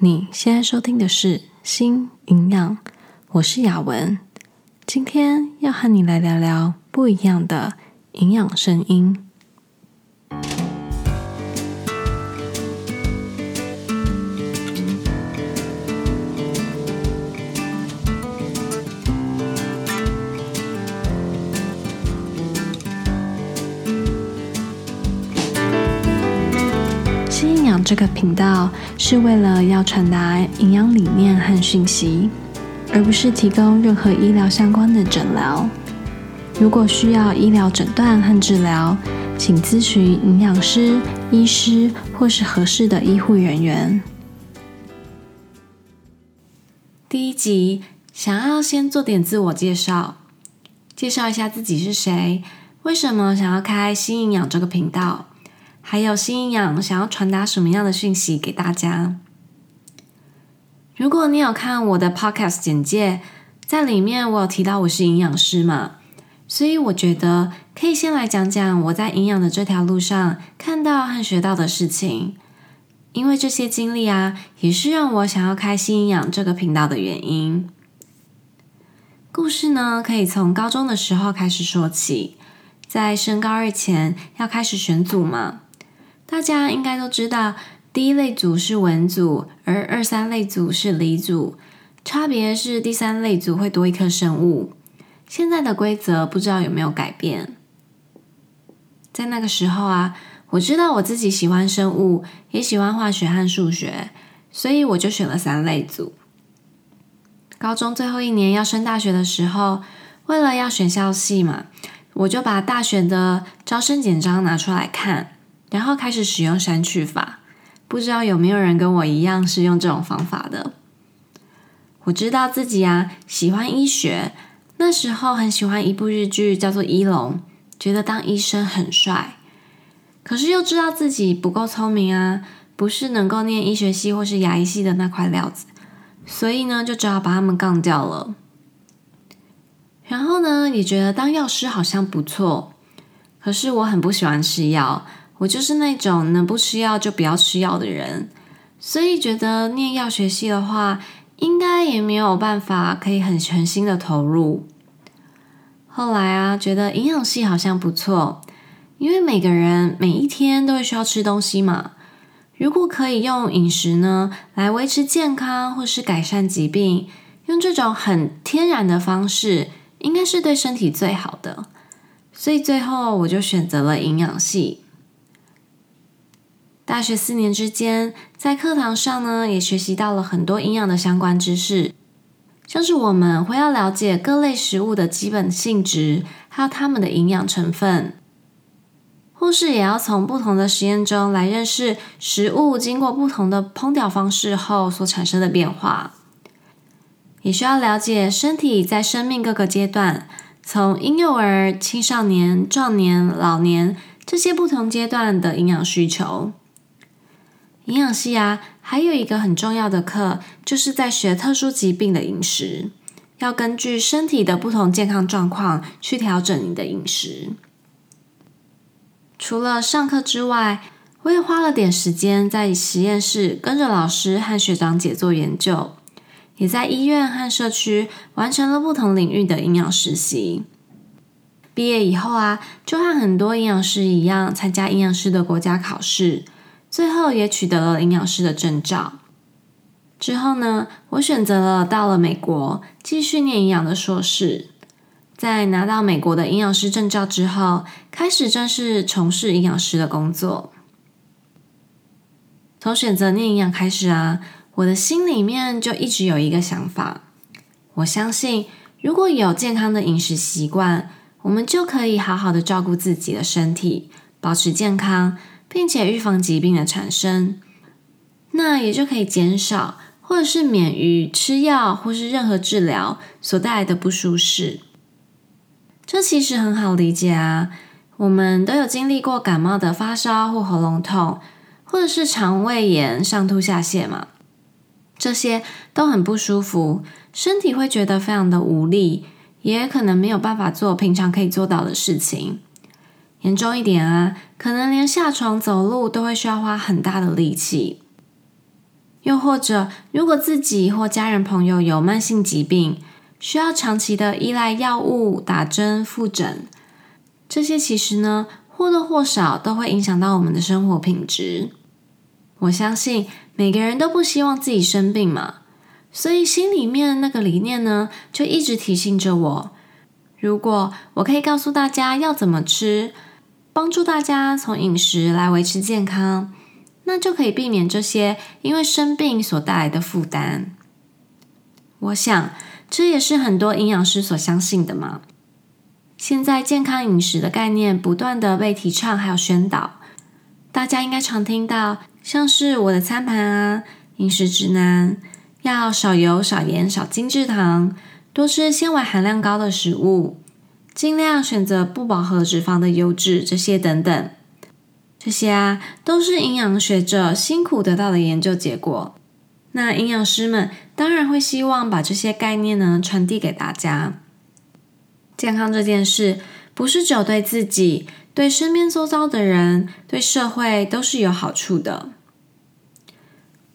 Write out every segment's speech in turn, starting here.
你現在收聽的是《心營養》，我是雅雯，今天要和你來聊聊不一樣的營養聲音。新營養這個頻道是為了要傳達營養理念和訊息，而不是提供任何醫療相關的診療。如果需要醫療診斷和治療，請諮詢營養師、醫師或是合適的醫護人員。第一集想要先做點自我介紹，介紹一下自己是誰，為什麼想要開新營養這個頻道。還有，心營養想要傳達什麼樣的訊息給大家。如果你有看我的 podcast 簡介，在裡面我有提到我是營養師嘛，所以我覺得可以先來講講我在營養的這條路上看到和學到的事情，因為這些經歷啊，也是讓我想要開心營養這個頻道的原因。故事呢，可以從高中的時候開始說起，在升高二前要開始選組嘛。大家應該都知道，第一類組是文組，而二三類組是理組，差別是第三類組會多一科生物。現在的規則不知道有沒有改變。在那個時候啊，我知道我自己喜歡生物，也喜歡化學和數學，所以我就選了三類組。高中最後一年要升大學的時候，為了要選校系嘛，我就把大學的招生簡章拿出來看。然後開始使用刪去法，不知道有沒有人跟我一樣是用這種方法的？我知道自己啊，喜歡醫學，那時候很喜歡一部日劇叫做《醫龍》，覺得當醫生很帥。可是又知道自己不夠聰明啊，不是能夠念醫學系或是牙醫系的那塊料子，所以呢，就只好把他們槓掉了。然後呢，也覺得當藥師好像不錯，可是我很不喜歡吃藥。我就是那種能不吃藥就不要吃藥的人，所以覺得念藥學系的話，應該也沒有辦法可以很全心的投入。後來啊，覺得營養系好像不錯，因為每個人每一天都會需要吃東西嘛。如果可以用飲食呢來維持健康或是改善疾病，用這種很天然的方式，應該是對身體最好的。所以最後我就選擇了營養系。大學四年之間，在課堂上呢，也學習到了很多營養的相關知識，像是我們會要了解各類食物的基本性質，還有它們的營養成分。或是也要從不同的實驗中來認識食物經過不同的烹調方式後所產生的變化，也需要了解身體在生命各個階段，從嬰幼兒、青少年、壯年、老年，這些不同階段的營養需求。營養系啊，還有一個很重要的課，就是在學特殊疾病的飲食，要根據身體的不同健康狀況去調整你的飲食。除了上課之外，我也花了點時間在實驗室跟着老師和學長姐做研究，也在醫院和社區完成了不同領域的營養實習。畢業以後啊，就和很多營養師一樣，參加營養師的國家考試。最後也取得了營養師的證照。之後呢，我選擇了到了美國繼續念營養的碩士。在拿到美國的營養師證照之後，開始正式從事營養師的工作。從選擇念營養開始啊，我的心裡面就一直有一個想法：我相信，如果有健康的飲食習慣，我們就可以好好的照顧自己的身體，保持健康。並且預防疾病的產生，那也就可以減少或者是免於吃藥或是任何治療所帶來的不舒適。這其實很好理解啊，我們都有經歷過感冒的發燒或喉嚨痛，或者是腸胃炎上吐下瀉嘛，這些都很不舒服，身體會覺得非常的無力，也可能沒有辦法做平常可以做到的事情。嚴重一點啊，可能連下床走路都會需要花很大的力氣。又或者，如果自己或家人朋友有慢性疾病，需要長期的依賴藥物、打針、複診，這些其實呢，或多或少都會影響到我們的生活品質。我相信每個人都不希望自己生病嘛，所以心裡面那個理念呢，就一直提醒着我。如果我可以告訴大家要怎麼吃。幫助大家從飲食來維持健康，那就可以避免這些因為生病所帶來的負擔。我想這也是很多營養師所相信的嘛。現在健康飲食的概念不斷地被提倡，還有宣導，大家應該常聽到，像是我的餐盤啊、飲食指南，要少油、少鹽、少精制糖，多吃纖維含量高的食物。盡量選擇不飽和脂肪的油脂，這些等等，這些啊，都是營養學者辛苦得到的研究結果。那營養師們當然會希望把這些概念呢傳遞給大家。健康這件事，不是只有對自己、對身邊周遭的人、對社會都是有好處的。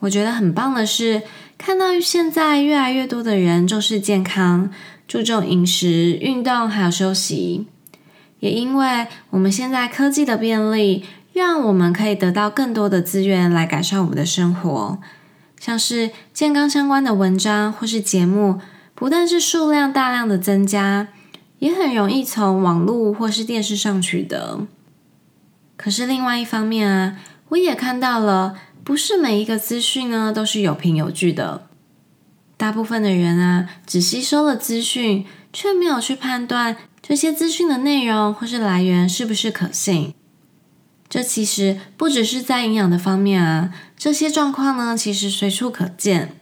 我覺得很棒的是，看到現在越來越多的人重視健康。注重飲食、運動還有休息，也因為我們現在科技的便利，讓我們可以得到更多的資源來改善我們的生活。像是健康相關的文章或是節目，不但是數量大量的增加，也很容易從網絡或是電視上取得。可是另外一方面啊，我也看到了，不是每一個資訊呢，都是有憑有據的。大部分的人啊，只吸收了資訊，卻沒有去判斷這些資訊的內容或是來源是不是可信。這其實不只是在營養的方面啊，這些狀況呢，其實隨處可見。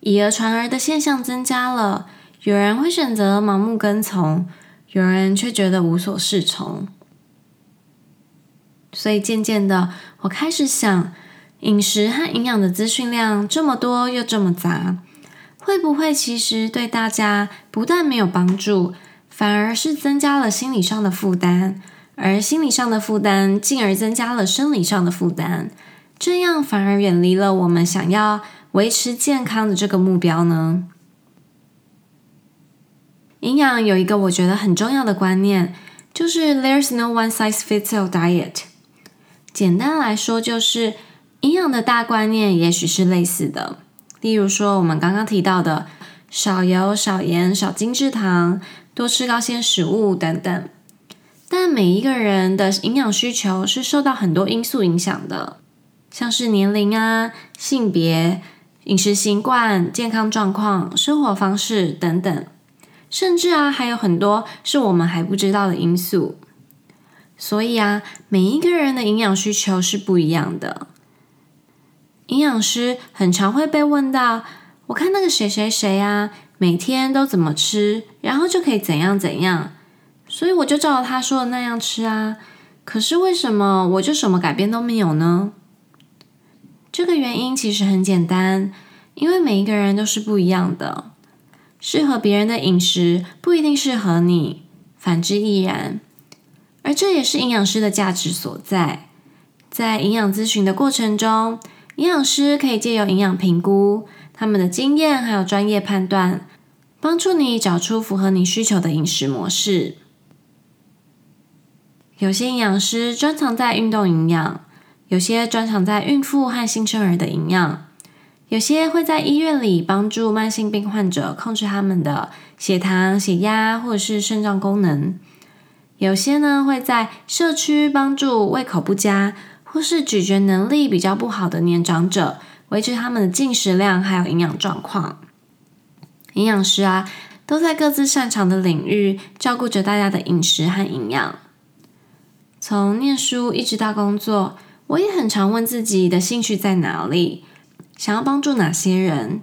以訛傳訛的現象增加了，有人會選擇盲目跟從，有人卻覺得無所適從。所以漸漸的，我開始想，飲食和營養的資訊量這麼多又這麼雜。會不會其實對大家不但沒有幫助，反而是增加了心理上的負擔，而心理上的負擔進而增加了生理上的負擔，這樣反而遠離了我們想要維持健康的這個目標呢？營養有一個我覺得很重要的觀念，就是 There's no one-size-fits-all diet。簡單來說，就是營養的大觀念也許是類似的。例如說，我們剛剛提到的少油、少鹽、少精制糖，多吃高纖食物等等。但每一個人的營養需求是受到很多因素影響的，像是年齡啊、性別、飲食習慣、健康狀況、生活方式等等，甚至啊還有很多是我們還不知道的因素。所以啊，每一個人的營養需求是不一樣的。營養師很常會被問到：“我看那個誰誰誰啊，每天都怎麼吃，然後就可以怎樣怎樣。”所以我就照他說的那樣吃啊，可是為什麼我就什麼改變都沒有呢？這個原因其實很簡單，因為每一個人都是不一樣的，適合別人的飲食不一定適合你，反之亦然。而這也是營養師的價值所在，在營養諮詢的過程中。營養師可以借由營養評估，他們的經驗還有專業判斷，幫助你找出符合你需求的飲食模式。有些營養師專長在運動營養，有些專長在孕婦和新生兒的營養，有些會在醫院裡幫助慢性病患者控制他們的血糖、血壓或者是腎臟功能，有些呢，會在社區幫助胃口不佳。或是咀嚼能力比較不好的年長者，維持他們的進食量還有營養狀況。營養師啊，都在各自擅長的領域照顧着大家的飲食和營養。從念書一直到工作，我也很常問自己的興趣在哪裡，想要幫助哪些人。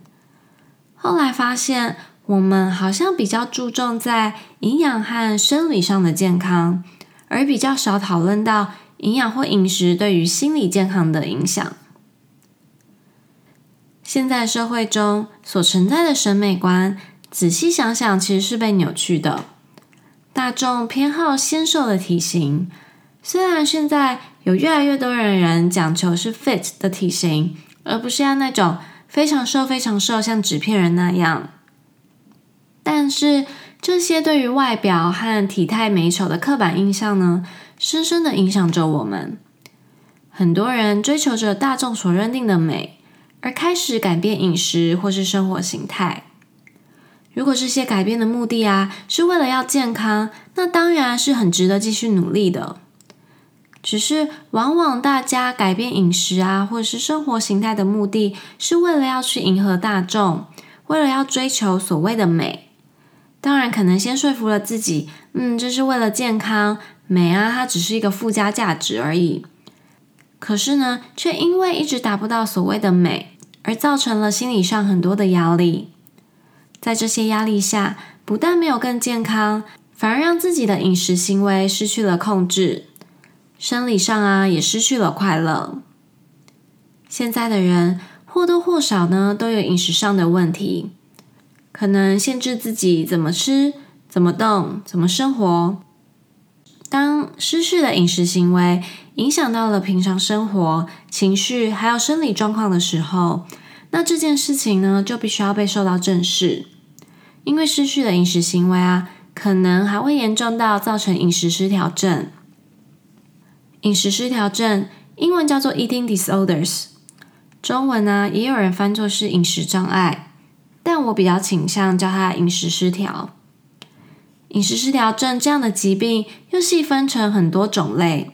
後來發現，我們好像比較注重在營養和生理上的健康，而比較少討論到。營養或飲食對於心理健康的影響。現在社會中所存在的審美觀，仔細想想其實是被扭曲的。大眾偏好纖瘦的體型，雖然現在有越來越多人的人講求是 fit 的體型，而不是要那種非常瘦、非常瘦像紙片人那樣，但是。這些對於外表和體態美醜的刻板印象呢，深深的影響着我們。很多人追求着大眾所認定的美，而開始改變飲食或是生活形態。如果這些改變的目的啊，是為了要健康，那當然是很值得繼續努力的。只是，往往大家改變飲食啊，或是生活形態的目的是為了要去迎合大眾，為了要追求所謂的美。當然，可能先說服了自己，嗯，這是為了健康，美啊，它只是一個附加價值而已。可是呢，卻因為一直達不到所謂的美，而造成了心理上很多的壓力。在這些壓力下，不但沒有更健康，反而讓自己的飲食行為失去了控制，生理上啊，也失去了快樂。現在的人，或多或少呢，都有飲食上的問題。可能限制自己怎麼吃，怎麼動，怎麼生活。當失序的飲食行為影響到了平常生活，情緒還有生理狀況的時候，那這件事情呢，就必須要被受到正視。因為失序的飲食行為啊，可能還會嚴重到造成飲食失調症。飲食失調症英文叫做 eating disorders，中文呢、啊、也有人翻作是飲食障礙。但我比較傾向叫它飲食失調。飲食失調症這樣的疾病又細分成很多種類，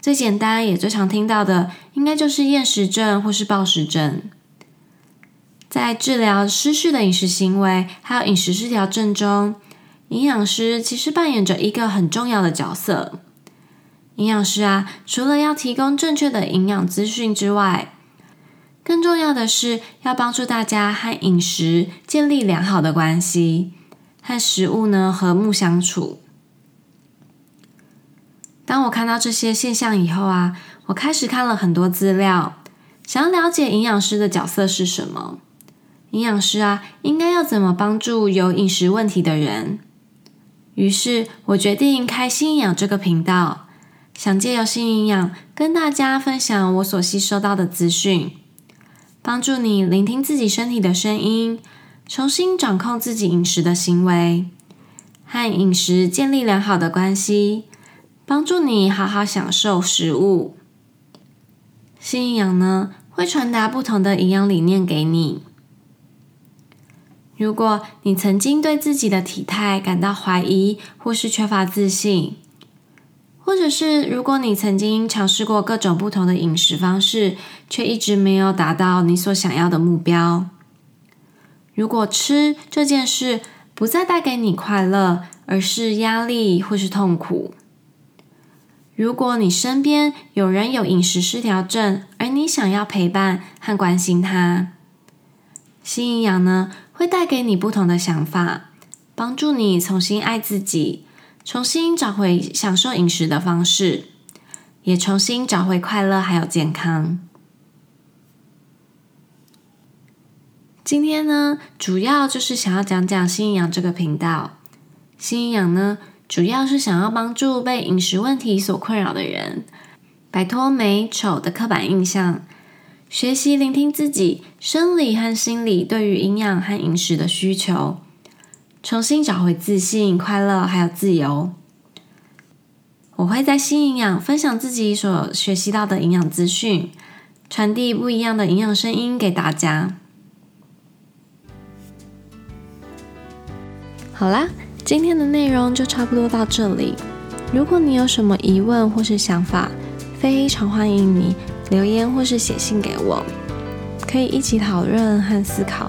最簡單也最常聽到的，應該就是厭食症或是暴食症。在治療失序的飲食行為還有飲食失調症中，營養師其實扮演着一個很重要的角色。營養師啊，除了要提供正確的營養資訊之外，更重要的是，要幫助大家和飲食建立良好的關係，和食物呢和睦相處。當我看到這些現象以後啊，我開始看了很多資料，想要了解營養師的角色是什麼，營養師啊應該要怎麼幫助有飲食問題的人。於是，我決定開“心營養”這個頻道，想借由心營養跟大家分享我所吸收到的資訊。幫助你聆聽自己身體的聲音，重新掌控自己飲食的行為，和飲食建立良好的關係，幫助你好好享受食物。心營養呢，會傳達不同的營養理念給你。如果你曾經對自己的體態感到懷疑，或是缺乏自信。或者是，如果你曾經嘗試過各種不同的飲食方式，卻一直沒有達到你所想要的目標；如果吃這件事不再帶給你快樂，而是壓力或是痛苦；如果你身邊有人有飲食失調症，而你想要陪伴和關心他，心營養呢，會帶給你不同的想法，幫助你重新愛自己。重新找回享受飲食的方式，也重新找回快樂還有健康。今天呢，主要就是想要講講心營養這個頻道。心營養呢，主要是想要幫助被飲食問題所困擾的人，擺脫美醜的刻板印象，學習聆聽自己生理和心理對於營養和飲食的需求。重新找回自信，快樂還有自由。我會在心營養分享自己所學習到的營養資訊，傳遞不一樣的營養聲音給大家。好啦，今天的內容就差不多到這裡。如果你有什麼疑問或是想法，非常歡迎你留言或是寫信給我，可以一起討論和思考。